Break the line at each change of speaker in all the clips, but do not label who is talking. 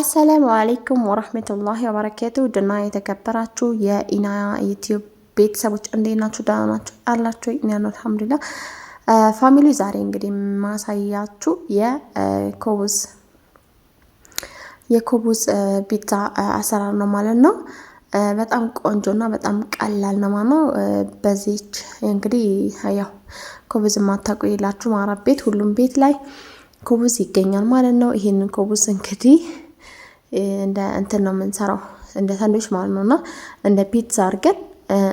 አሰላሙ አሌይኩም ወረህመቱላሂ ወበረካቱ ድና የተከበራችሁ የኢናያ ዩቲዩብ ቤተሰቦች እንዴት ናችሁ? ደህና ናችሁ አላችሁ? ኢናን አልሐምዱሊላ ፋሚሊ ዛሬ እንግዲህ ማሳያችሁ የኮቡዝ የኮቡዝ ፒዛ አሰራር ነው ማለት ነው። በጣም ቆንጆ እና በጣም ቀላል ነው ማለት ነው። በዚች እንግዲህ ያው ኮቡዝ ማታውቁ የላችሁም፣ አረብ ቤት ሁሉም ቤት ላይ ኮቡዝ ይገኛል ማለት ነው። ይሄንን ኮቡዝ እንግዲህ እንደ እንትን ነው የምንሰራው እንደ ሳንዶች ማለት ነው እና እንደ ፒትዛ አድርገን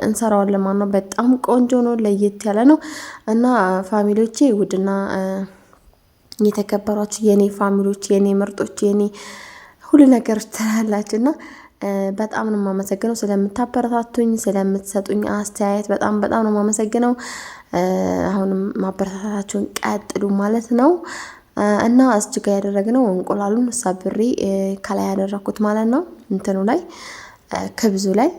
እንሰራዋለን ማለት ነው። በጣም ቆንጆ ነው፣ ለየት ያለ ነው እና ፋሚሊዎቼ ውድና የተከበሯችሁ የኔ ፋሚሊዎች፣ የኔ ምርጦች፣ የእኔ ሁሉ ነገሮች ትላላችሁ እና በጣም ነው የማመሰግነው ስለምታበረታቱኝ፣ ስለምትሰጡኝ አስተያየት በጣም በጣም ነው የማመሰግነው። አሁንም ማበረታታችሁን ቀጥሉ ማለት ነው። እና እዚህ ጋር ያደረግነው እንቁላሉን ሳብሬ ከላይ ያደረኩት ማለት ነው እንትኑ ላይ ክብዙ ላይ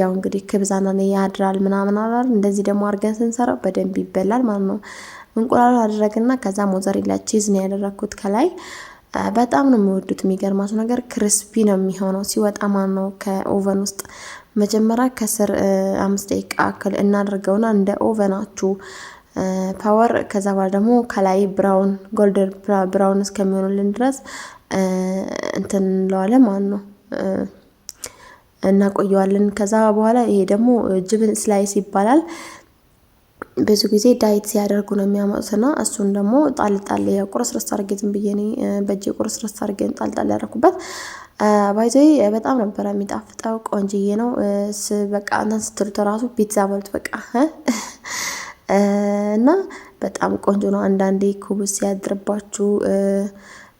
ያው እንግዲህ ክብዛና ያድራል ምናምን አላል። እንደዚህ ደግሞ አድርገን ስንሰራው በደንብ ይበላል ማለት ነው። እንቁላሉ አደረግና ከዛ ሞዘሬላ ቺዝ ነው ያደረግኩት ከላይ። በጣም ነው የሚወዱት። የሚገርማቸው ነገር ክሪስፒ ነው የሚሆነው ሲወጣ ማለት ነው ከኦቨን ውስጥ መጀመሪያ ከስር አምስት ደቂቃ ያክል እናደርገውና እንደ ኦቨናችሁ ፓወር ከዛ በኋላ ደግሞ ከላይ ብራውን ጎልደን ብራውን እስከሚሆንልን ድረስ እንትን እንለዋለን ማለት ነው እናቆየዋለን። ከዛ በኋላ ይሄ ደግሞ ጅብን ስላይስ ይባላል። ብዙ ጊዜ ዳይት ሲያደርጉ ነው የሚያመጡትና እሱን ደግሞ ጣልጣል ያው ረስ አድርጌ ዝም ብዬ እኔ በእጄ ቁርስርስ አድርጌ ጣልጣል ያደረኩበት ባይዘይ በጣም ነበረ የሚጣፍጠው። ቆንጅዬ ነው በቃ እንትን ስትሉት ራሱ ፒትዛ በሉት በቃ እና በጣም ቆንጆ ነው። አንዳንዴ ኩብስ ሲያድርባችሁ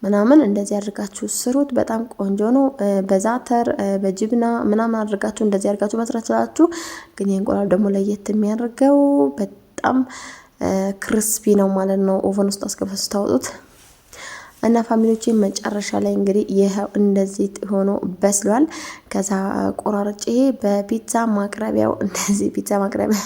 ምናምን እንደዚህ አድርጋችሁ ስሩት። በጣም ቆንጆ ነው። በዛተር በጅብና ምናምን አድርጋችሁ እንደዚህ አድርጋችሁ መስራት ስላችሁ፣ ግን የእንቁላል ደግሞ ለየት የሚያደርገው በጣም ክርስፒ ነው ማለት ነው። ኦቨን ውስጥ አስገብታችሁ ስታወጡት እና ፋሚሊዎች መጨረሻ ላይ እንግዲህ ይኸው እንደዚህ ሆኖ በስሏል። ከዛ ቆራርጬ በፒዛ ማቅረቢያው እንደዚህ ፒዛ ማቅረቢያ